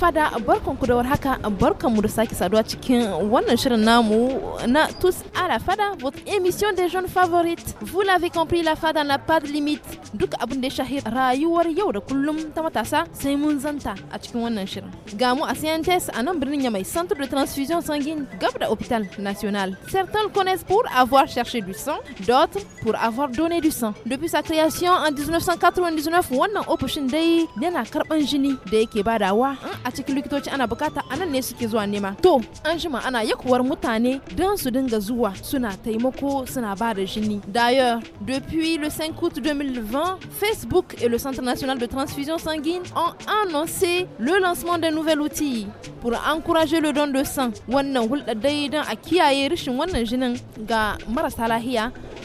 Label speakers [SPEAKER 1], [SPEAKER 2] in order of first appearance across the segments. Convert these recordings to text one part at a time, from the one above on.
[SPEAKER 1] fada barkanku da warhaka barkanmu da sake saduwa cikin wannan shirin namu na tous à la fada votre émission des jeunes favorites vous l'avez compris la fada n'a pas de limite duk abin da ya shahi rayuwar yau da kullum ta matasa sai mun zanta a cikin wannan shirin ga mu a CNTS a nan birnin Yamai centre de transfusion sanguine gab da hôpital national certains le connaissent pour avoir cherché du sang d'autres pour avoir donné du sang depuis sa création en 1999 wannan ofishin dai yana karban jini da yake badawa in a cikin likitoci ana bukata a nan ne suke zuwa nema to an jima ana yakuwar mutane don su dinga zuwa suna taimako suna ba da jini d'ailleurs depuis le 5 août 2020 Facebook et le Centre national de transfusion sanguine ont annoncé le lancement d'un nouvel outil pour encourager le don de sang wannan hulɗa dai don a kiyaye rashin wannan jinin ga marasa lahiya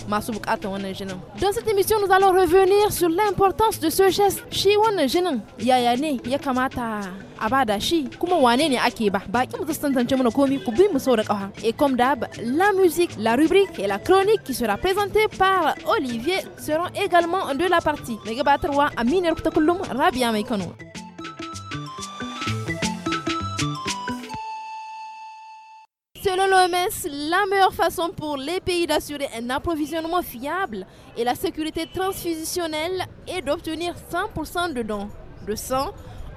[SPEAKER 1] masu bukatan wannan jinin dans cette émission nous allons revenir sur l'importance de ce geste shi wannan jinin yaya ne ya kamata shi et comme d'hab la musique la rubrique et la chronique qui sera présentée par Olivier seront également de la partie mai gabatarwa ta Kullum Rabia Mai Kano Selon l'OMS, la meilleure façon pour les pays d'assurer un approvisionnement fiable et la sécurité transfusionnelle est d'obtenir 100% de dons de sang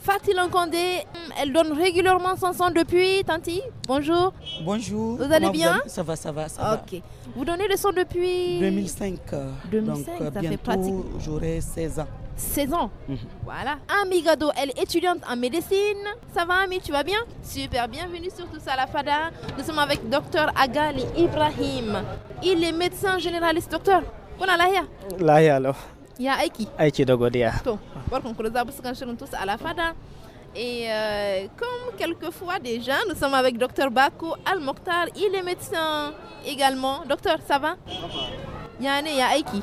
[SPEAKER 1] Fatih Lankondé, elle donne régulièrement son son depuis. Tanti, bonjour.
[SPEAKER 2] Bonjour. Vous allez bien Ça va, ça va, ça va. va.
[SPEAKER 1] Vous donnez le son depuis 2005.
[SPEAKER 2] 2005, ça fait pratique. J'aurai 16
[SPEAKER 1] ans. 16 ans. Voilà. Mhm. Voilà. Amigado, elle est étudiante en médecine. Ça va, Ami, tu vas bien Super, bienvenue sur Tous à la Fada. Nous sommes avec docteur Agali Ibrahim. Il est médecin généraliste, docteur. On a là là alors ya aiki aiki da to ku da shirin tusa Et eh, comme quelquefois déjà, nous sommes avec Dr Bakou Al-Mokhtar. Il est médecin également. Docteur, ça va y ya aiki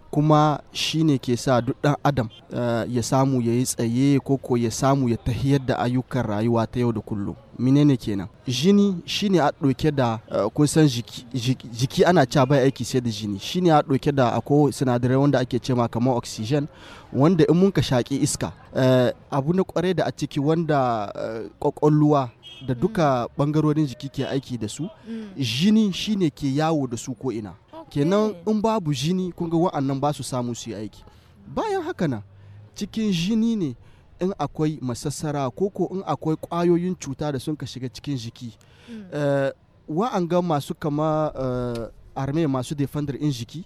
[SPEAKER 3] kuma shi ne ke sa duk ɗan adam eh, ya samu ya yi tsaye ko ko ya samu ya tahiyar da ayyukan rayuwa ta yau da kullum menene kenan jini shine a ɗauke da eh, kun san jiki ana cewa bai aiki sai da jini shine a ɗauke da akwai sinadarai wanda ake cema kamar oxygen wanda in mun ka shaƙi iska eh, abu na kware da a ciki wanda kwakwalluwa da duka bangarorin mm. jiki ke aiki da su mm. jini shine ke yawo da su ko ina kenan eh. in babu jini kun ga wa'annan ba su samu su yi aiki bayan haka na cikin jini ne in akwai masassara ko ko in akwai ƙwayoyin cuta da sun ka shiga cikin jiki mm. eh, ga masu kama eh, arme masu defender in jiki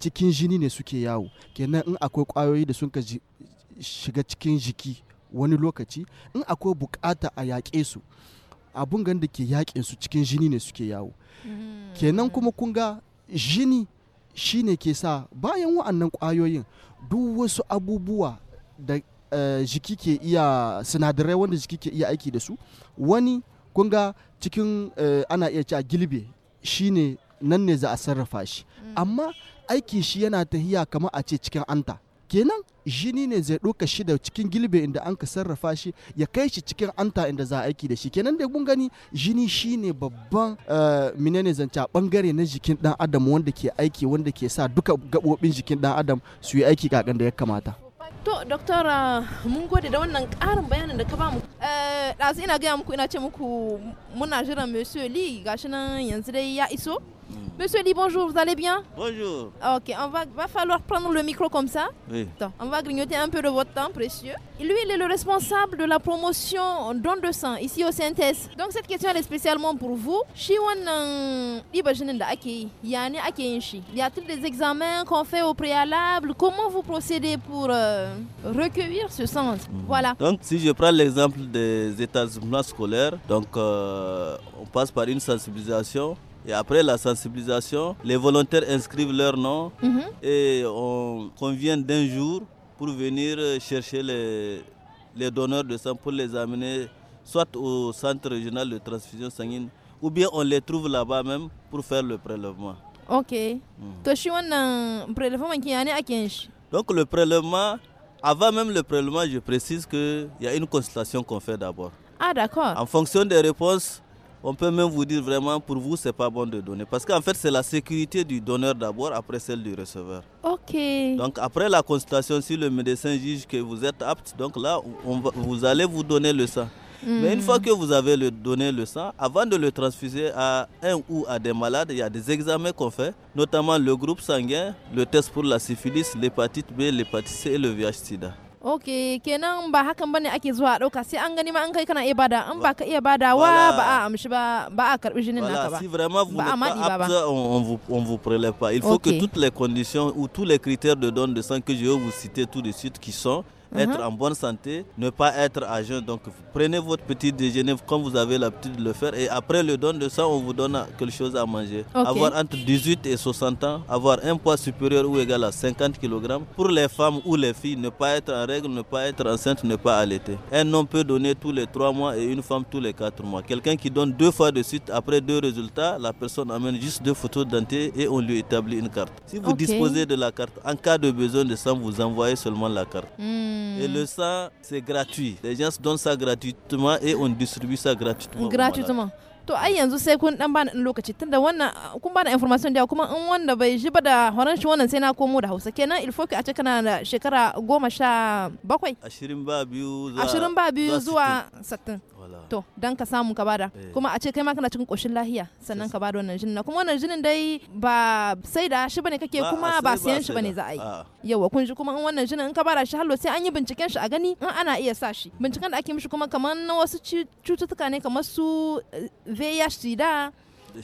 [SPEAKER 3] cikin jini ne suke yawo kenan in akwai ƙwayoyi da sun ka shiga cikin jiki wani lokaci in akwai bukata a yaƙe su abun gan da ke yaƙin su cikin jini ne suke yawo mm. kenan kuma kun jini shine ke sa bayan wa'annan ƙwayoyin duk wasu abubuwa da eh, jiki ke iya sinadarai wanda jiki ke iya aiki da su wani kunga cikin eh, ana iya cewa gilbe shine nan ne za a sarrafa shi mm. amma aiki shi yana tahiya kamar a ce cikin anta kenan jini ne zai ɗauka shi da cikin gilbe inda an ka sarrafa shi ya kai shi cikin anta inda za a aiki da shi kenan da mun gani jini shi ne babban eh, menene zance bangare na jikin ɗan adam wanda ke aiki wanda ke sa duka gaɓoɓin jikin ɗan adam su yi aiki kakan da ya kamata
[SPEAKER 1] To, doktora eh, mun gode da wannan karin bayanin da ka ba mu. Eh, ɗazu ina gaya muku ina ce muku muna jiran Monsieur Lee gashi nan yanzu dai ya iso. Mm. Monsieur dit bonjour, vous allez bien Bonjour. Ok, on va, falloir prendre le micro comme ça. Oui. on va grignoter un peu de votre temps précieux. Lui, il est le responsable de la promotion don de sang ici au CNTS. Donc cette question elle est spécialement pour vous. Euh, Shi Y a-t-il des examens qu'on fait au préalable Comment vous procédez pour euh, recueillir ce sang mm. Voilà.
[SPEAKER 4] Donc si je prends l'exemple des états unis scolaires, donc euh, on passe par une sensibilisation et après la sensibilisation, les volontaires inscrivent leur nom mhm. et on convient d'un jour pour venir chercher les, donneurs de sang pour les amener soit au centre régional de transfusion sanguine ou bien on les trouve là-bas même pour faire le prélèvement.
[SPEAKER 1] Ok. Mhm.
[SPEAKER 4] Donc le prélèvement, avant même le prélèvement, je précise qu'il y a une consultation qu'on fait d'abord. Ah d'accord. En fonction des réponses, on peut même vous dire vraiment pour vous c'est pas bon de donner parce qu'en fait c'est la sécurité du donneur d'abord après celle du receveur. OK. Donc après la consultation si le médecin juge que vous êtes apte donc là vous allez vous donner le sang. Hmm. Mais une fois que vous avez le, donné le sang, avant de le transfuser à un ou à des malades, il y a des examens qu'on fait, notamment le groupe sanguin, le test pour la syphilis, l'hépatite B, l'hépatite C et le VIH-Sida
[SPEAKER 1] ok kenan ba hakan bane ake zuwa dauka sai an gani ma an kai kana iya bada an ba ka iya wa ba a amshi ba ba a karbi jinin naka ba si vraiment
[SPEAKER 4] vous n'êtes pas apte on vous on vous prélève pas il faut okay. que toutes les conditions ou tous les critères de don de sang que je vais vous citer tout de suite qui sont être uh-huh. en bonne santé, ne pas être à jeun. Donc prenez votre petit déjeuner comme vous avez l'habitude de le faire et après le don de sang on vous donne quelque chose à manger. Avoir entre 18 et 60 ans, avoir un poids supérieur ou égal à 50 kg. Pour les femmes ou les filles, ne pas être en règle, ne pas être enceinte, ne pas allaiter. Un homme peut donner tous les 3 mois et une femme tous les 4 mois. Quelqu'un qui donne deux fois de suite après deux résultats, la personne amène juste deux photos dentées et on lui établit une carte. Si vous disposez de la carte, en cas de besoin de sang, vous envoyez seulement la carte. Hmm. Et le sang, hmm. c'est gratuit. Les gens donnent ça gratuitement et on distribue ça gratuitement. Gratuitement.
[SPEAKER 1] to yanzu sai kun dan lokaci tunda wannan kun information da kuma wanda bai da shi wannan sai na da Hausa kenan il faut a to dan ka samu ka bada eh. kuma a ce kai ma kana cikin koshin lahiya sannan ka bada wannan jinin na kuma wannan jinin dai ba sai da shi bane kake kuma ba siyan shi bane za a yi yawa kun ji kuma in wannan jinin in ka bada shi hallo sai an yi binciken shi a gani in ana iya sa shi binciken da ake mishi kuma kamar na wasu cututtuka ne kamar su VIH eh, sida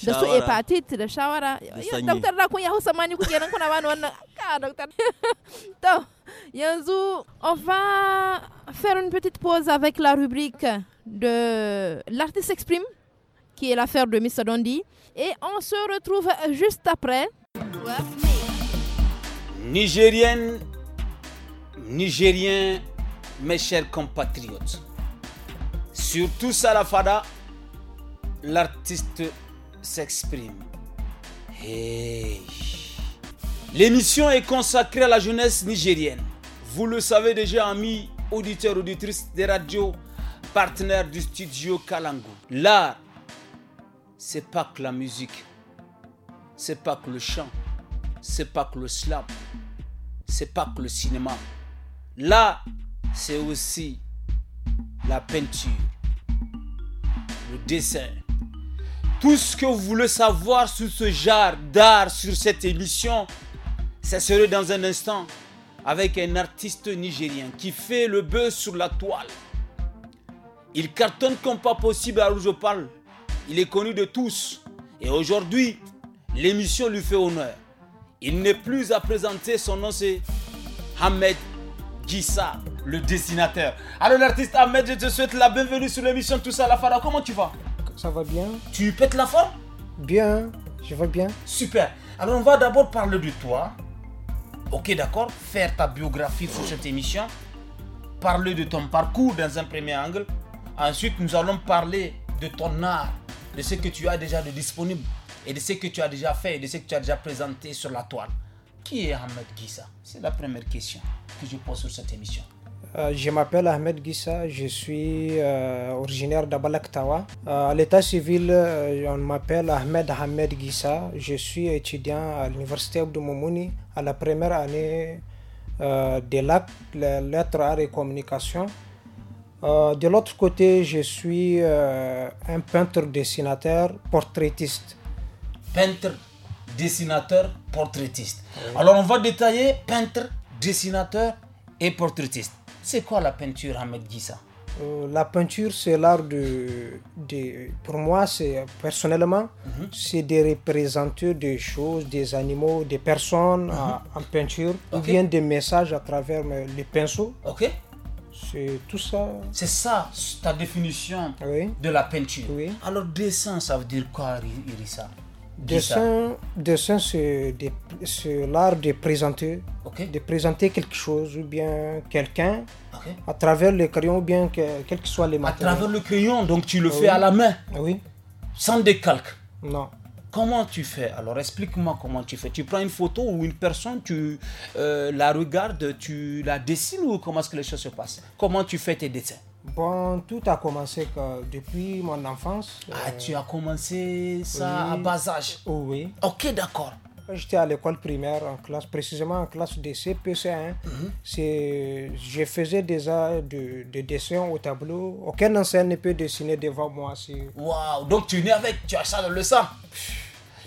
[SPEAKER 1] da su hepatit da shawara doktor da kun ya hausa ni kuke nan kuna bani wannan ka doktor to Yanzou, on va faire une petite pause avec la rubrique de l'artiste s'exprime, qui est l'affaire de Mr Dondi. Et on se retrouve juste après.
[SPEAKER 5] Nigérienne, Nigérien, mes chers compatriotes, surtout Salafada, l'artiste s'exprime. Hey! L'émission est consacrée à la jeunesse nigérienne. Vous le savez déjà, amis auditeurs, auditrices des radios, partenaires du studio Kalangu. L'art, c'est pas que la musique, c'est pas que le chant, c'est pas que le slap, c'est pas que le cinéma. L'art, c'est aussi la peinture, le dessin. Tout ce que vous voulez savoir sur ce genre d'art, sur cette émission, ça serait dans un instant avec un artiste nigérien qui fait le buzz sur la toile. Il cartonne comme pas possible à où parle. Il est connu de tous. Et aujourd'hui, l'émission lui fait honneur. Il n'est plus à présenter, son nom c'est Ahmed Gissa, le dessinateur. Alors l'artiste Ahmed, je te souhaite la bienvenue sur l'émission Tout ça la Comment tu vas Ça va bien. Tu pètes la forme Bien, je vais bien. Super. Alors on va d'abord parler de toi. Ok, d'accord, faire ta biographie sur cette émission, parler de ton parcours dans un premier angle. Ensuite, nous allons parler de ton art, de ce que tu as déjà de disponible et de ce que tu as déjà fait et de ce que tu as déjà présenté sur la toile. Qui est Ahmed Gissa C'est la première question que je pose sur cette émission.
[SPEAKER 6] Euh, je m'appelle Ahmed Gissa, je suis euh, originaire d'Abalaktawa. Euh, à l'état civil, on m'appelle Ahmed Ahmed Gissa. Je suis étudiant à l'université Abdoumoumouni à la première année de LAC, lettres, arts et communications. de l'autre côté, je suis un peintre, dessinateur, portraitiste. Peintre,
[SPEAKER 5] dessinateur, portraitiste. Alors on
[SPEAKER 6] va détailler peintre,
[SPEAKER 5] dessinateur et portraitiste. C'est quoi la peinture, Ahmed Gissa
[SPEAKER 6] euh, la peinture, c'est l'art de, Pour moi, c'est personnellement, mhm. c'est de représenter des choses, des animaux, des personnes en, ah. peinture, ou bien des messages à travers les pinceaux. Ok. C'est tout ça.
[SPEAKER 5] C'est ça ta définition de la peinture. Oui. Alors, dessin, ça veut dire quoi, Irissa
[SPEAKER 6] Dessin, dessin c'est l'art de présenter, de présenter quelque chose ou bien quelqu'un à travers le crayon ou bien que, quel que soit les matériaux. À travers le crayon, donc tu le fais à la main
[SPEAKER 5] Oui. Sans décalque Non. Comment tu fais Alors explique-moi comment tu fais. Tu prends une photo ou une personne, tu euh, la regardes, tu la dessines ou comment est-ce que les choses se passent Comment tu fais tes dessins
[SPEAKER 6] Bon, tout a commencé depuis mon enfance. Ah, euh, tu as commencé ça à bas âge oh, Oui. Ok, d'accord. J'étais à l'école primaire, en classe, précisément en classe de CPC1. Mhm. Je faisais déjà des de dessins au tableau. Aucun enseignant ne peut dessiner devant moi.
[SPEAKER 5] Waouh, donc tu es avec, tu as ça dans le sang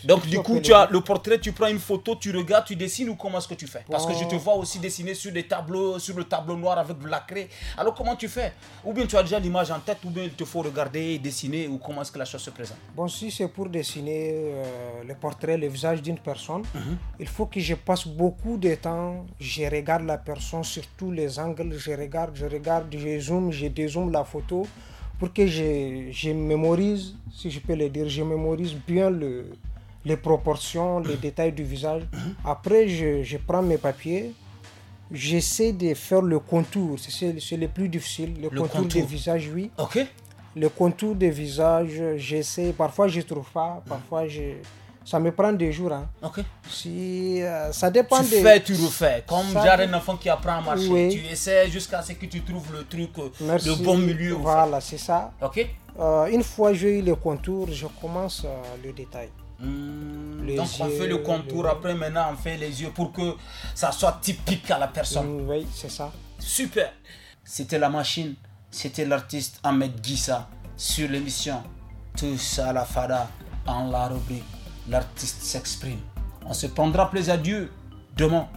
[SPEAKER 5] donc du coup, tu as le portrait, tu prends une photo, tu regardes, tu dessines ou comment est-ce que tu fais Parce que je te vois aussi dessiner sur des tableaux, sur le tableau noir avec de la craie. Alors comment tu fais Ou bien tu as déjà l'image en tête, ou bien il te faut regarder et dessiner ou comment est-ce que la chose se présente
[SPEAKER 6] Bon, si c'est pour dessiner euh, le portrait, le visage d'une personne, mhm. il faut que je passe beaucoup de temps, je regarde la personne sur tous les angles, je regarde, je regarde, je zoome, je dézoome la photo pour que je, je mémorise, si je peux le dire, je mémorise bien le, les proportions, les mmh. détails du visage. Mmh. Après, je, prends mes papiers, j'essaie de faire le contour. C'est le plus difficile, le, contour, des visages, oui. Ok. Le contour des visages, j'essaie. Parfois, je ne trouve pas. Parfois, je... ça me prend des jours. Hein. Ok. Si, euh, ça dépend tu des... fais, tu refais. Comme j'ai un enfant
[SPEAKER 5] qui apprend à marcher. Tu essaies jusqu'à ce que tu trouves le truc, de euh, bon milieu.
[SPEAKER 6] Voilà, c'est ça. Ok. Euh, une fois j'ai eu le contour, je commence le détail. Hmm. donc on fait le contour,
[SPEAKER 5] après maintenant on fait les yeux pour que ça soit typique à la personne. Hmm, oui, c'est ça. Super. C'était la machine, c'était l'artiste Ahmed Gissa sur l'émission Tout à la Fada en la rubrique L'artiste s'exprime. On se prendra plaisir Dieu demain,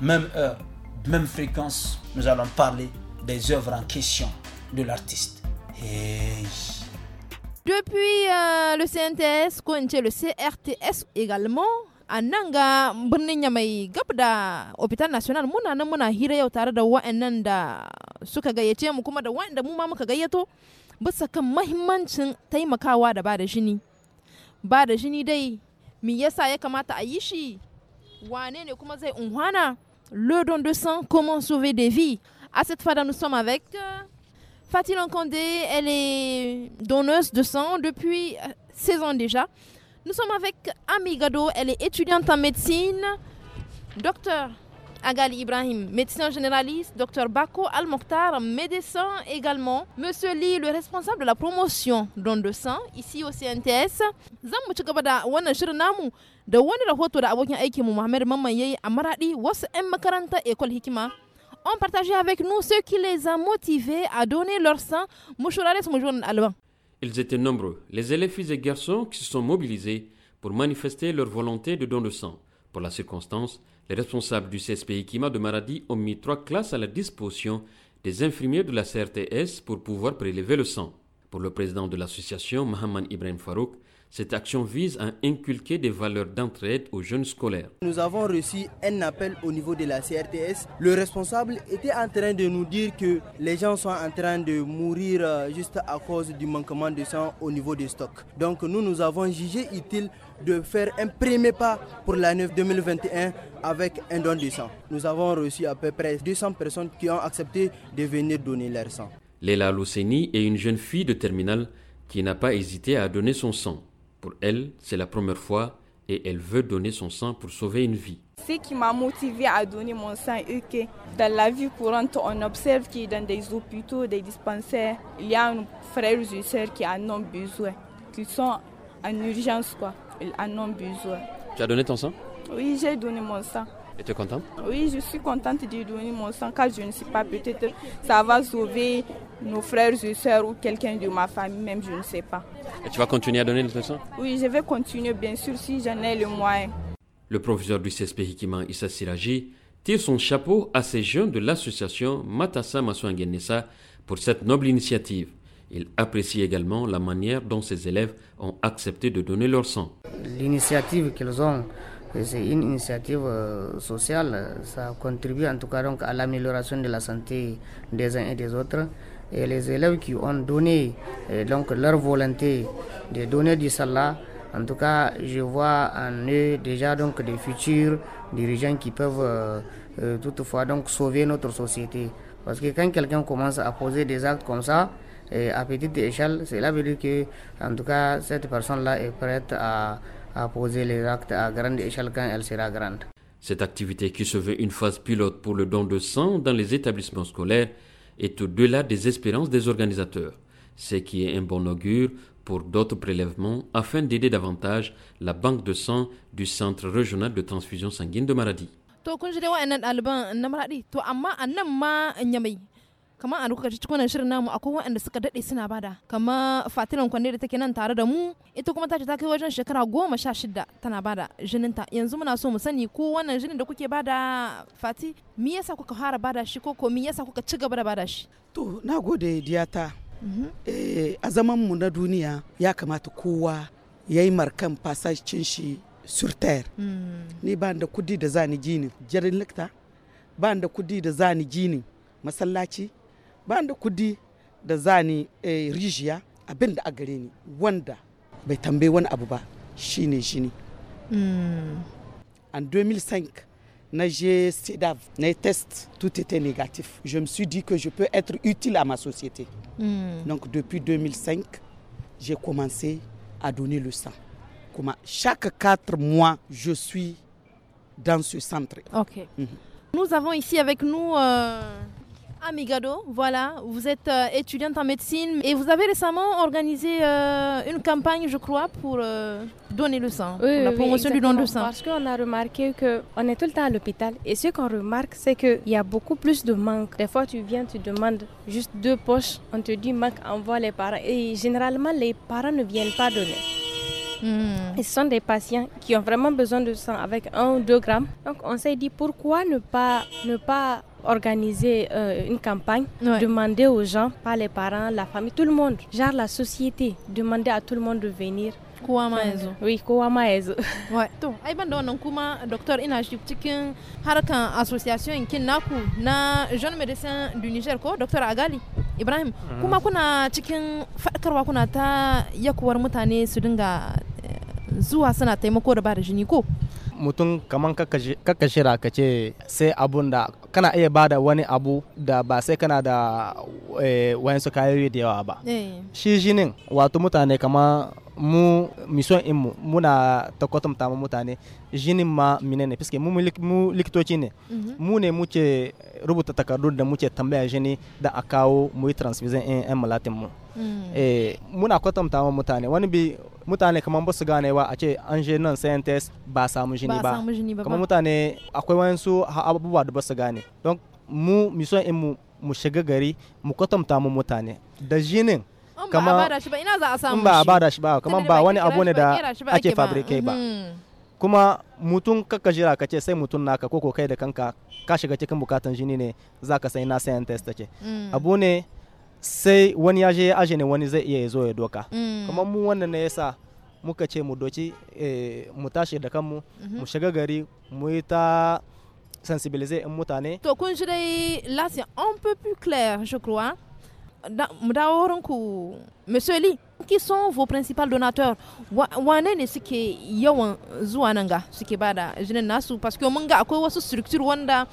[SPEAKER 5] même heure, même fréquence. Nous allons parler des œuvres en question de l'artiste. Et
[SPEAKER 1] depuis euh, le CNTS, le CRTS également, a nan ga birnin hôpital national muna nan muna hira ya tare da wa'annan da suka gayyace mu kuma da wa'anda mu ma muka gayyato bisa kan mahimmancin taimakawa da ba da jini ba da jini dai me yasa ya kamata a yi shi wane ne kuma zai le don de sang comment sauver des vies à cette fois nous sommes avec euh, Fatih Lankondé, elle est donneuse de sang depuis 16 euh, ans déjà. Nous sommes avec Amigado, elle est étudiante en médecine. Docteur Agali Ibrahim, médecin généraliste. Docteur Bako Al-Mokhtar, médecin également. Monsieur Lee, le responsable de la promotion don de sang ici au CNTS. Zan mu ci gaba da wannan shirin namu da wani rahoto da abokin aikinmu Muhammad Mamman yayi a Maradi wasu 'yan makaranta École Hikima ont partagé avec nous ce qui les a motivés à donner leur sang.
[SPEAKER 7] Ils étaient nombreux, les élèves filles et garçons qui se sont mobilisés pour manifester leur volonté de don de sang. Pour la circonstance, les responsables du CSPI Kima de Maradi ont mis trois classes à la disposition des infirmiers de la CRTS pour pouvoir prélever le sang. Pour le président de l'association, Mohamed Ibrahim Farouk, cette action vise à inculquer des valeurs d'entraide aux jeunes scolaires.
[SPEAKER 3] Nous avons reçu un appel au niveau de la CRTS. Le responsable était en train de nous dire que les gens sont en train de mourir euh, juste à cause du manquement de sang au niveau des stocks. Donc nous, nous avons jugé utile de faire un premier pas pour l'année 2021 avec un don de sang. Nous avons reçu à peu près 200 personnes qui ont accepté de venir donner leur sang.
[SPEAKER 7] Léla Lousseni est une jeune fille de terminale qui n'a pas hésité à donner son sang. Pour elle, c'est la première fois et elle veut donner son sang pour sauver une vie.
[SPEAKER 1] Ce qui m'a motivée à donner mon sang est que dans la vie courante, on observe que dans des hôpitaux, des dispensaires, il y a des frères et sœurs qui en ont besoin, qui sont en urgence, quoi. Ils en ont besoin. Tu as donné ton sang Oui, j'ai donné mon sang. Et tu es contente Oui, je suis contente de donner mon sang car je ne sais pas, peut-être ça va sauver nos frères et sœurs ou quelqu'un de ma famille, même je ne sais pas.
[SPEAKER 7] Et tu vas continuer à donner le sang
[SPEAKER 1] Oui, je vais continuer, bien sûr, si j'en ai le moyen.
[SPEAKER 7] Le professeur du CSP Hikima, Issa Siraji tire son chapeau à ces jeunes de l'association Matassa Nessa pour cette noble initiative. Il apprécie également la manière dont ses élèves ont accepté de donner leur sang.
[SPEAKER 8] L'initiative qu'ils ont c'est une initiative eh, sociale, eh, ça contribue en tout cas donc à l'amélioration de la santé des uns et des autres. Et les élèves qui ont donné eh, donc leur volonté de donner du salat, en tout cas, je vois en eux déjà donc des futurs dirigeants qui peuvent toutefois donc sauver notre société. Parce que quand quelqu'un commence à poser des actes comme ça, et à petite échelle, c'est veut dire que, en tout cas, cette personne-là est prête à à poser les actes à grande échelle quand elle sera grande.
[SPEAKER 7] Cette activité qui se veut une phase pilote pour le don de sang dans les établissements scolaires est au-delà des espérances des organisateurs, ce qui est un bon augure pour d'autres prélèvements afin d'aider davantage la banque de sang du Centre régional de transfusion sanguine de Maradi.
[SPEAKER 1] kamar a duka cikin shirin namu akwai waɗanda suka daɗe suna bada kamar fatilan kwande da take nan tare da mu ita kuma tace ta kai wajen shekara goma sha shida tana bada jininta yanzu muna so mu sani ko wannan jinin da kuke bada fati me yasa kuka fara bada shi ko ko yasa kuka ci gaba da bada shi to
[SPEAKER 2] na gode diyata mhm. eh, a zaman mu na duniya ya kamata kowa ya yi markan fasashin shi surtayar mm. ni ba da kudi da zani ginin jirin likta ba da kudi da zani gini masallaci kudi da zani eh, rijiya abin da a gare ni wanda bai tambayi wani abu ba shine shine
[SPEAKER 1] hmm.
[SPEAKER 2] en 2005 j'ai fait na test, tout était négatif. Je me suis dit que je peux être utile à ma société. Hmm. Donc depuis 2005, j'ai commencé à donner le sang. chaque quatre mois, je suis dans ce centre. Ok. Mhm.
[SPEAKER 1] Nous avons ici avec nous euh, Amigado, voilà, vous êtes euh, étudiante en médecine et vous avez récemment organisé euh, une campagne, je crois, pour euh, donner le sang, la promotion du don de sang. Parce qu'on a remarqué qu'on est tout le temps à l'hôpital et ce qu'on remarque, c'est qu'il y a beaucoup plus de manques. Des fois, tu viens, tu demandes juste deux poches, on te dit manque, envoie les parents. Et généralement, les parents ne viennent pas donner. Mm. ce sont des patients qui ont vraiment besoin de sang avec 1 ou 2 grammes. Donc on s'est dit pourquoi ne pas, ne pas organiser euh, une campagne, demander aux gens, pas les parents, la famille, tout le monde, genre la société, demander à tout le monde de venir. Oui, oui kowa ma yanzu to ai ban kuma docteur qui association kin naku na jeune médecin du Niger Docteur docteur Agali Ibrahim mm. kuma kuna qui faɗakarwa kuna ta yakuwar mutane su dinga zuwa suna taimako da bada jini ko
[SPEAKER 8] mutum kaman kaka shira ka ce sai abun da kana iya bada wani abu da ba sai kana da eh, wayansu kayoyi da yawa ba eh. shi jinin wato mutane kama mu mission inmu muna ta kwatanta mutane jinin ma mine ne fiske mu likitoci ne mhm. mu ne muke rubuta takardun da muke tambaya jini da a kawo mu yi transfusion in mu Mm. Eh, muna kwatanta wa mutane wani bi mutane kamar ba su ganewa a ce an je nan scientist ba samu jini ba kamar mutane akwai wayansu abubuwa da ba su gane don mu mison in mu shiga gari mu kwatanta mu mutane da jinin kama ba
[SPEAKER 1] a ina za a samu ba ba da shi ba kamar ba wani abu ne da ake fabrike ba mm.
[SPEAKER 8] kuma mutum kaka jira ka ce sai mutum naka ko kai da kanka ka shiga cikin bukatan jini ne za ka sai na sayan test ce mm. abu ne sai wani ya je ya aje ne wani zai iya zo ya doka mm. kamar mu wannan ne yasa muka ce mu doki eh, mu tashi da kanmu mhm. mu shiga gari mu yi ta sensibiliser mutane
[SPEAKER 1] to kun shi dai là c'est un peu plus clair je crois mu dawo wurin ku monsieur li qui sont vos principaux donateurs wane ne suke yawan zuwa nan ga suke bada jinin nasu parce que mun ga akwai wasu structure wanda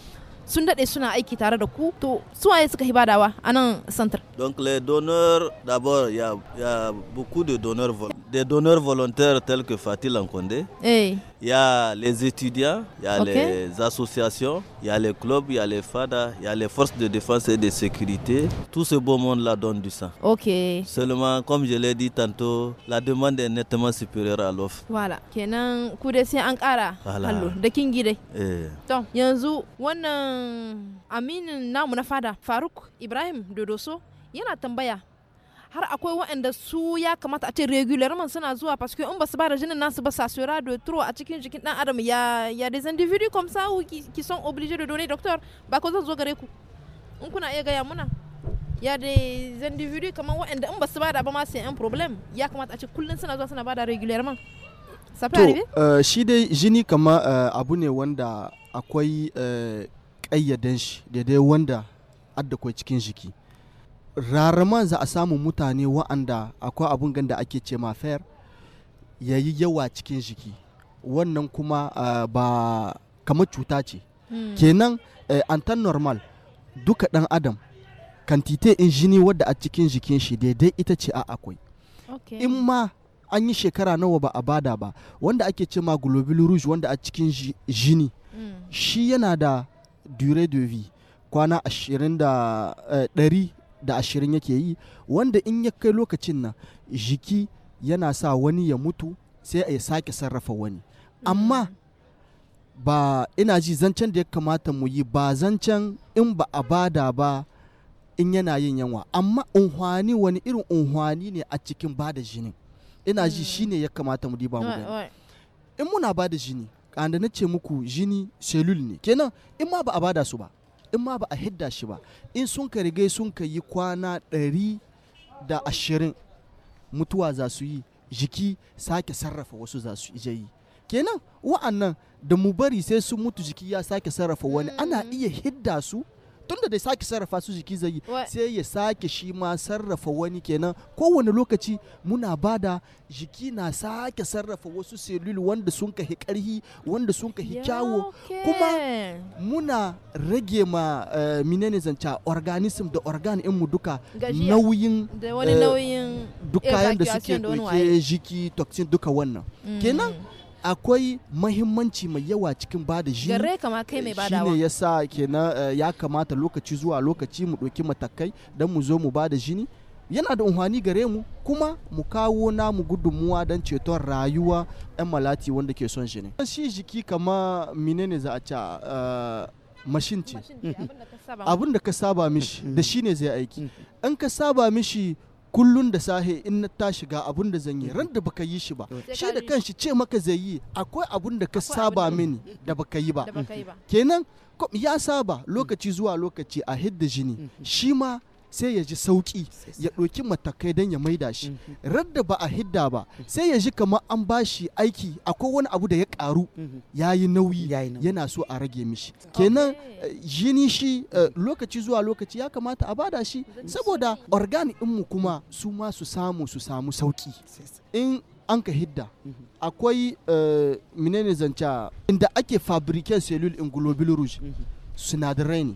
[SPEAKER 1] sun daɗe suna aiki tare da ku to suwaye waye suka hibadawa a nan centre.
[SPEAKER 4] donc les donneurs d'abord il y, a, y a beaucoup de donneurs des donneurs volontaires tels que Fatih Lankonde eh. hey. Il y a les étudiants, il y a les associations, il y a les clubs, il y a les FADA, il y a les forces de défense et de sécurité. Tout ce beau monde-là donne du sang. Ok. Seulement, comme je l'ai dit tantôt, la demande est nettement supérieure à l'offre.
[SPEAKER 1] Voilà. Kenan kude sai Voilà. kara. Hallo, da yanzu wannan Amin na FADA, Farouk, Ibrahim Dodoso, yana tambaya har akwai wa'anda su ya kamata a ce regular man suna zuwa parce que in ba su ba da jinin nasu ba sasura de trop a cikin jikin dan adam ya ya des individus comme ça ou qui, qui sont obligés de donner docteur ba ko zan zo gare ku in kuna iya gaya muna ya des individus kamar wa'anda in ba su ba da ba ma sai un problème ya kamata a ce kullun suna zuwa suna ba da regularement ça peut arriver
[SPEAKER 3] uh, shi dai jini kama euh, abu ne wanda akwai uh, kayyadan shi daidai wanda adda cikin jiki Raraman za a samu mutane wa'anda akwai abun ganda ake ce ma fair ya yi yawa cikin jiki wannan kuma ah, ba kamar cuta ce hmm. kenan eh, antan normal duka dan adam kantite in jini wadda a cikin jikin shi daidai ita ce a akwai in ma an yi shekara nawa ba a bada ba wanda ake ce ma globule rouge wanda a cikin jini hmm. shi yana da dure de vie kwana ashirin da eh, ɗari da ashirin yake yi wanda in ya kai lokacin nan jiki yana sa wani ya mutu sai a sake sarrafa wani amma ba ina ji zancen da ya kamata mu yi ba zancen in ba a bada ba in yana yin yanwa amma unhwani wani irin unhwani ne a cikin bada jinin ina ji hmm. shi ne ya kamata mu diba mu gani in muna bada jini ƙanda na ce muku jini selul ne kenan in ma ba a bada su ba in ma ba a hidda shi ba in sun ka rigai sun ka yi kwana ɗari da ashirin mutuwa za su yi jiki sake sarrafa wasu za su yi kenan wa'annan da mu bari sai sun mutu jiki ya sake sarrafa wani ana mm. iya hidda su tun da sake sarrafa su jiki zai yi sai ya sake shi ma sarrafa wani kenan kowane lokaci muna bada jiki na sake sarrafa wasu selul wanda sun kahi karhi wanda sun kahi kyawo kuma muna rage ma eh, menene zanta organism da organ mu duka nauyin da wani eh, nauyin duka yanda suke jiki toxin duka wannan mm. kenan akwai mahimmanci mai yawa cikin bada jini gare kama
[SPEAKER 1] kai mai badawa shine
[SPEAKER 3] yasa eh, ya kamata lokaci zuwa lokaci mu ɗauki matakai don mu zo mu bada jini yana da unhwani gare mu kuma mu kawo namu gudunmuwa don ceton rayuwa 'yan malati wanda ke son shi ne shi jiki kama menene za a ca mashin ce eh, abin da ka saba mishi da shi ne zai aiki mm. in ka saba mishi kullun da sahe in na tashi ga abun da zan yi ran da baka yi shi ba shi da kanshi ce maka zai yi akwai abun da ka saba mini da baka yi ba kenan ya saba lokaci zuwa lokaci a hidda jini mm-hmm. shi ma sai ya ji sauki ya ɗauki matakai don ya maida shi mhm. radda ba a hidda ba mhm. sai ya ji kamar an ba shi aiki akwai wani abu da ya ƙaru mhm. ya yi nauyi yana so a rage mishi kenan eh, jini shi eh, lokaci zuwa lokaci ya kamata a bada shi saboda organ mu kuma su ma su samu su samu sauki in an ka hidda akwai eh, menene zanca inda ake fabrikan selul in rouge sinadarai ne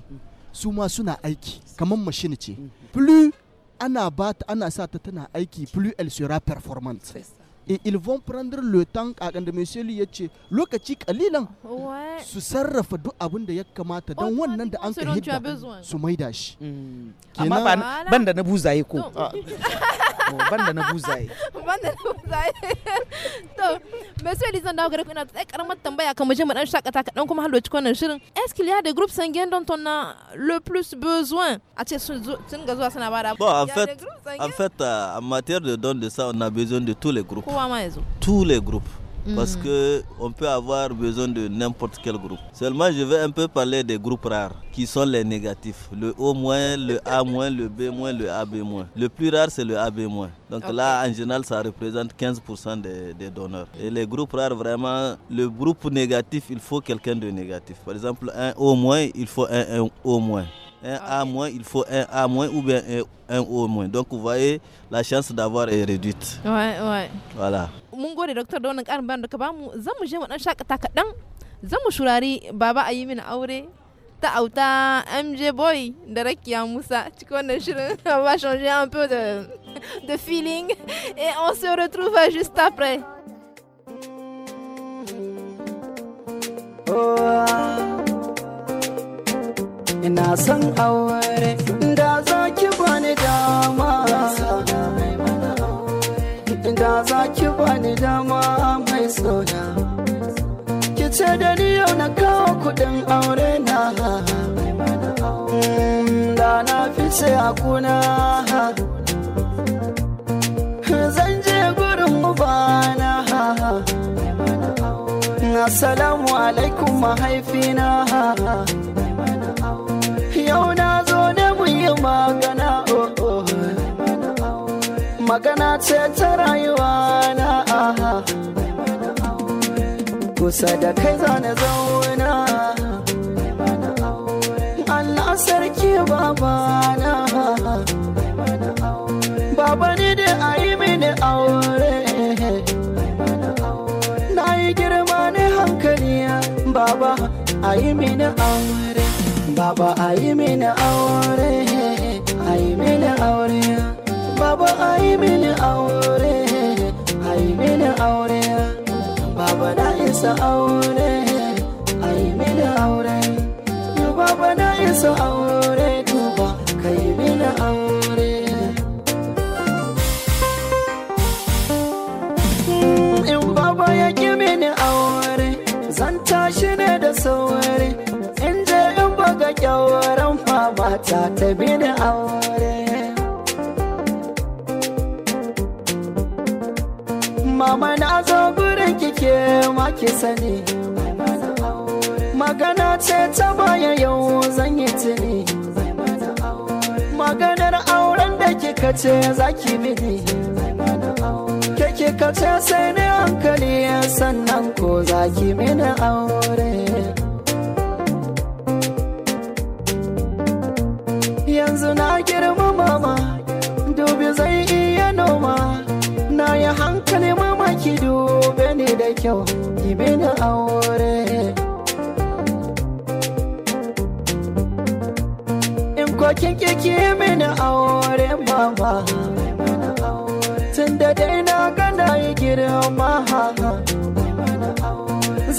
[SPEAKER 3] su ma suna aiki kamar mashin ce mm-hmm. plus ana ba ana sa ta tana aiki plus elle sera performante et ils vont prendre le temps a kan da monsieur ya ce lokaci kalilan su sarrafa duk abin da ya kamata don wannan da an ka hidda su
[SPEAKER 2] maida shi mm. amma ban da na buzaye ko
[SPEAKER 1] banda na buzai banda na buzai to mai sai lizan dawo gare ku ina da karamar tambaya kamar je mu dan shakata ka dan kuma hallo cikin wannan shirin est-ce qu'il y a des groupes sanguins dont on a le plus besoin a ce sun ga zuwa suna bada bon en fait en fait
[SPEAKER 4] euh, en matière de don de ça on a besoin de tous les groupes kowa ma yazo tous les groupes parce mm. que on peut avoir besoin de n'importe quel groupe. Seulement, je vais un peu parler des groupes rares qui sont les négatifs. Le O-, le A-, le B-, le AB-. Le plus rare, c'est le AB-. Donc là, en général, ça représente 15% des, donneurs. Et les groupes rares, vraiment, le groupe négatif, il faut quelqu'un de négatif. Par exemple, un O-, il faut un, un O- un A moins, il faut un A moins ou bien un, un O moins. Donc vous voyez, la chance d'avoir est réduite. Ouais, ouais. Voilà.
[SPEAKER 1] Mon le docteur donne un karin de da ka bamu zan mu je mu dan shakata kaɗan zan baba a na aure ta auta MJ Boy da Rakia Moussa cikin wannan shirin on va changer un peu de, de feeling et on se retrouve juste après.
[SPEAKER 9] Oh. Ah. ina son aure da za ki bani dama da za ki bani dama mai sauya. ki ce da ni yau na kawo kudin aure na mm, da na fi fice a kuna zan je gurin na. Assalamu alaikum mahaifina magana oh oh magana ce ta rayuwa na ah, ah. kusa da kai zane zauna Allah sarki baba na baba ne da a yi mini aure na yi girma ne hankali baba a yi mini aure Baba a yi mini aure, a yi mini aure. Baba a yi mini aure, a yi mini aure. Baba na isa aure, a yi mini aure. Baba na isa aure, duba, ka yi mini aure. ki sani magana ce ta baya yau zan yi tuni maganar auren da kika ce za ki mini ke kika ce sai ne hankali sannan ko za ki mini aure yanzu na girma mama dubi zai iya noma na yi hankali ma ki dube ni da kyau ki bini aure in ko kin ki ki mini aure mama tun da dai na gana yi girma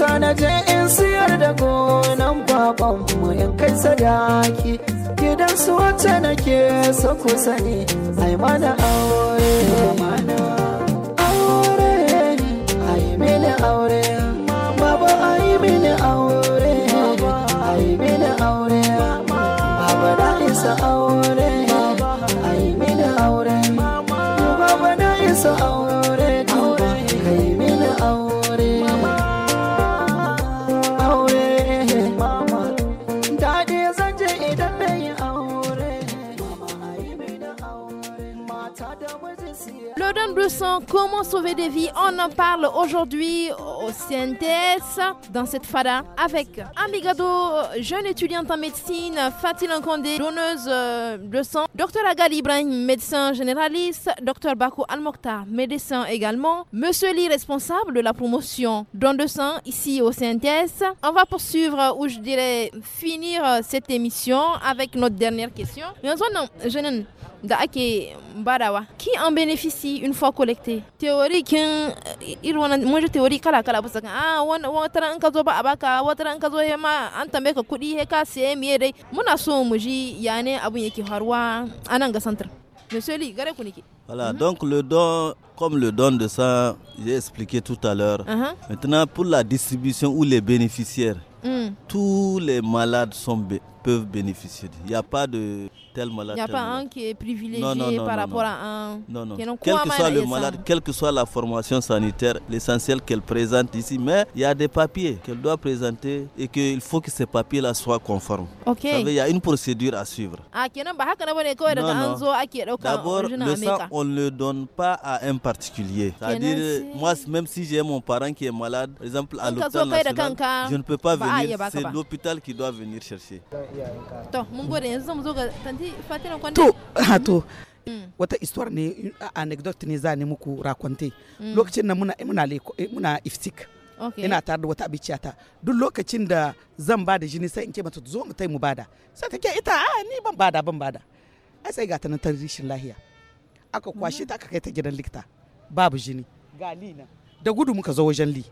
[SPEAKER 9] zana je in siyar da gonan baban mu in kai sadaki gidan su wacce nake so ku sani ai mana aure Le don de
[SPEAKER 1] sang, comment sauver des vies On en parle aujourd'hui au CNTS dans cette fada avec Amigado, jeune étudiante en médecine, fatil Nkondé, donneuse euh, de sang, Dr Agali Ibrahim, médecin généraliste, Dr Bakou al médecin également, Monsieur Lee, responsable de la promotion don de sang ici au CNTS. On va poursuivre ou je dirais finir euh, cette émission avec notre dernière question. non, je da ake badawa ki en bénéficie une fois collecté Théoriquement, euh, il irin wannan mun théorie kala kala bisa kan ah wata ran ka zo ba abaka, baka wata ran ka zo he ma an tambaye ka kuɗi he ka siye miye dai muna so mu ji ya ne abun yake harwa a centre. monsieur li gare ku niki
[SPEAKER 4] voilà mm -hmm. donc le don comme le don de ça j'ai expliqué tout à l'heure uh -huh. maintenant pour la distribution ou les bénéficiaires mm. tous les malades sont peuvent bénéficier. Il n'y a pas de tel malade. Il n'y a pas un
[SPEAKER 1] qui est privilégié par rapport à un. Quel que soit le malade,
[SPEAKER 4] quelle que soit la formation sanitaire, l'essentiel qu'elle présente ici, mais il y a des papiers qu'elle doit présenter et qu'il faut que ces papiers-là soient conformes. Ok. il y a une procédure à suivre.
[SPEAKER 1] Ah, bah, D'abord, le sang, on
[SPEAKER 4] ne le donne pas à un particulier. C'est-à-dire, moi, même si j'ai mon parent qui est malade, exemple, à l'hôpital national,
[SPEAKER 1] je ne peux pas venir. C'est
[SPEAKER 2] l'hôpital qui doit venir chercher.
[SPEAKER 1] to mun gode yanzu zamu zo ga tanti fatina kwanne to ha to mm.
[SPEAKER 2] wata istuwar ne anecdote ne za ni muku rakwante mm. lokacin na muna muna muna iftik ina tare da wata abiciyata duk lokacin da zan ba da jini sai in ce mata zo mu tai mu bada sai ta ke ita a ni ban bada ban bada ai sai ga ta nan ta rishin lahiya aka kwashe ta aka kai ta gidan likita babu jini gali na da gudu muka zo wajen li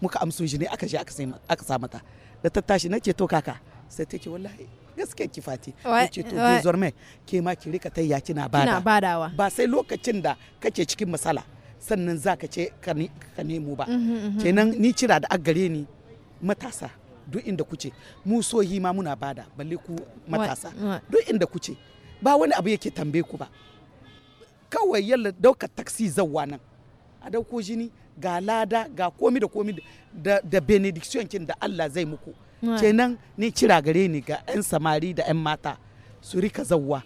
[SPEAKER 2] muka amso jini aka je aka sa mata da ta tashi na ce to kaka sai ta ce wallahi gaske ki fati ce to désormais ke ma ki rika tayya kina bada badawa ba sai lokacin da kake cikin masala sannan za ka ce ka nemo ba mhm, mhm. kenan ni cira da agare ni matasa duk inda kuce mu sohi ma muna bada balle ku matasa duk inda kuce ba wani abu yake tambaye ku ba kawai yalla dauka taksi zawwa nan a dauko jini ga lada ga komi da komi da benediction kin da Allah zai muku kenan ni kira gare ni ga 'yan samari da 'yan mata su rika zawwa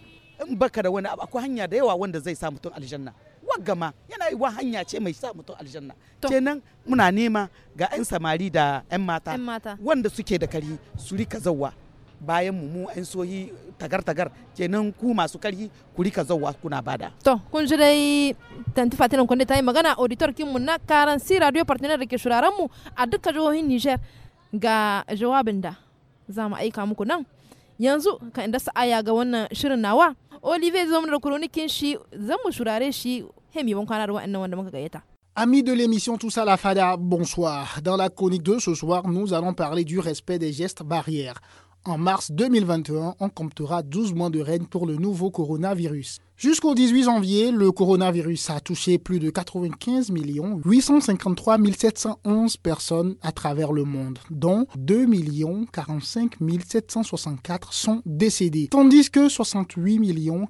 [SPEAKER 2] in baka da wani abu akwai hanya da yawa wanda zai sa mutum aljanna gama yana yi hanya ce mai sa mutum aljanna kenan muna nema ga 'yan samari da 'yan mata wanda suke da kari su rika zawwa bayan mu mu 'yan sohi tagar-tagar kenan ku masu karhi ku rika zawwa kuna bada
[SPEAKER 1] to kun ji dai tanti fatinan kun ta yi magana auditor kinmu na karan si radio partner da ke shuraren mu a duka jihohin niger ga aika yanzu
[SPEAKER 10] Amis de l'émission Tous la Fada, bonsoir. Dans la chronique 2, ce soir, nous allons parler du respect des gestes barrières. En mars 2021, on comptera 12 mois de règne pour le nouveau coronavirus. Jusqu'au 18 janvier, le coronavirus a touché plus de 95 853 711 personnes à travers le monde, dont 2 45 764 sont décédés, tandis que 68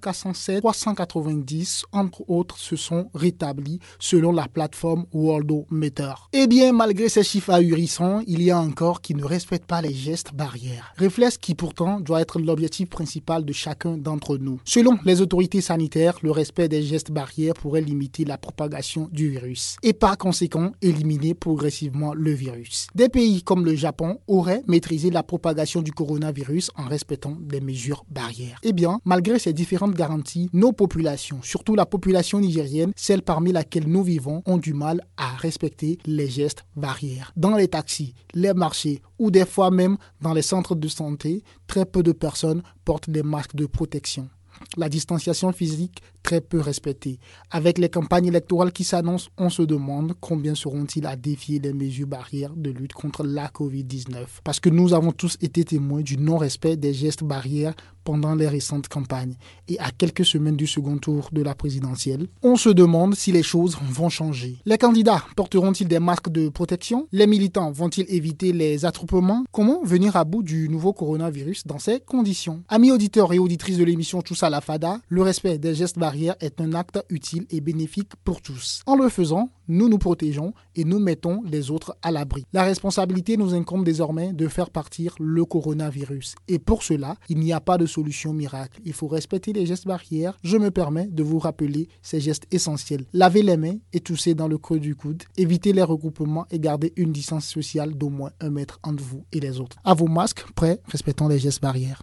[SPEAKER 10] 407 390 entre autres se sont rétablis selon la plateforme Worldometer. Eh bien, malgré ces chiffres ahurissants, il y a encore qui ne respectent pas les gestes barrières, réflexe qui pourtant doit être l'objectif principal de chacun d'entre nous. Selon les autorités le respect des gestes barrières pourrait limiter la propagation du virus et par conséquent éliminer progressivement le virus. Des pays comme le Japon auraient maîtrisé la propagation du coronavirus en respectant des mesures barrières. Eh bien, malgré ces différentes garanties, nos populations, surtout la population nigérienne, celle parmi laquelle nous vivons, ont du mal à respecter les gestes barrières. Dans les taxis, les marchés ou des fois même dans les centres de santé, très peu de personnes portent des masques de protection la distanciation physique très peu respectée. Avec les campagnes électorales qui s'annoncent, on se demande combien seront-ils à défier les mesures barrières de lutte contre la COVID-19. Parce que nous avons tous été témoins du non-respect des gestes barrières pendant les récentes campagnes et à quelques semaines du second tour de la présidentielle, on se demande si les choses vont changer. Les candidats porteront-ils des masques de protection Les militants vont-ils éviter les attroupements Comment venir à bout du nouveau coronavirus dans ces conditions Amis auditeurs et auditrices de l'émission Tous à la Fada, le respect des gestes barrières est un acte utile et bénéfique pour tous. En le faisant, nous nous protégeons et nous mettons les autres à l'abri. La responsabilité nous incombe désormais de faire partir le coronavirus. Et pour cela, il n'y a pas de solution miracle. Il faut respecter les gestes barrières. Je me permets de vous rappeler ces gestes essentiels. Laver les mains et tousser dans le creux du coude. Éviter les regroupements et garder une distance sociale d'au moins un mètre entre vous et les autres. À vos masques, prêts, respectons les gestes barrières.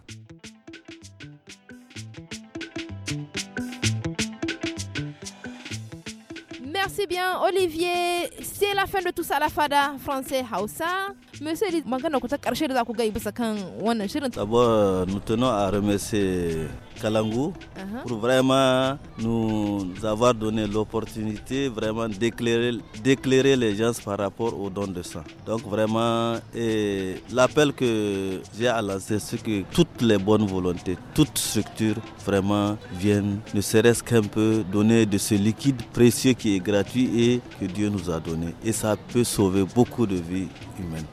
[SPEAKER 1] Merci bien, Olivier. C'est la fin de tout ça, la fada français Hausa. Monsieur,
[SPEAKER 4] nous tenons à remercier Kalangu uh-huh. pour vraiment nous avoir donné l'opportunité vraiment d'éclairer les gens par rapport aux dons de sang. Donc vraiment, l'appel que j'ai à lancer, c'est que toutes les bonnes volontés, toutes structures vraiment viennent, ne serait-ce qu'un peu, donner de ce liquide précieux qui est gratuit et que Dieu nous a donné. Et ça peut sauver beaucoup de vies humaines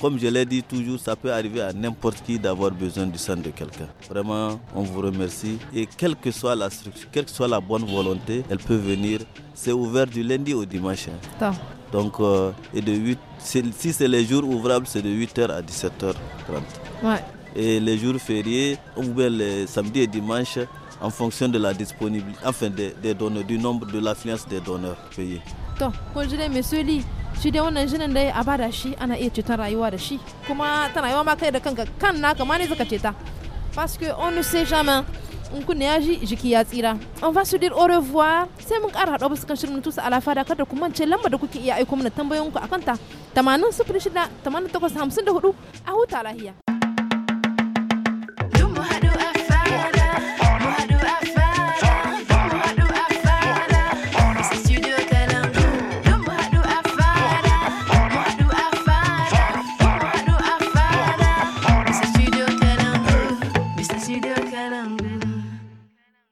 [SPEAKER 4] comme je l'ai dit toujours, ça peut arriver à n'importe qui d'avoir besoin du sang de quelqu'un. Vraiment, on vous remercie. Et quelle que soit la structure, quelle que soit la bonne volonté, elle peut venir. C'est ouvert du lundi au dimanche. Hein. Donc, euh, et de si c'est les jours ouvrables, c'est de 8h à 17h30. Et les jours fériés, ou bien les samedis et dimanche en fonction de la disponibilité, enfin des, du nombre de l'affluence des donneurs
[SPEAKER 1] payés. Donc, monsieur Lee, shi dai wannan jinin dai a bada shi ana iya ceton rayuwa da shi kuma tana rayuwa ma kai da kanka kan naka ma ne zaka ceta parce que on ne sait jamais in kun ya jiki ya tsira on va se dire au revoir sai mun shirin tusa ala fada kada ku mance lamba da kuke iya aiko mana akan ta a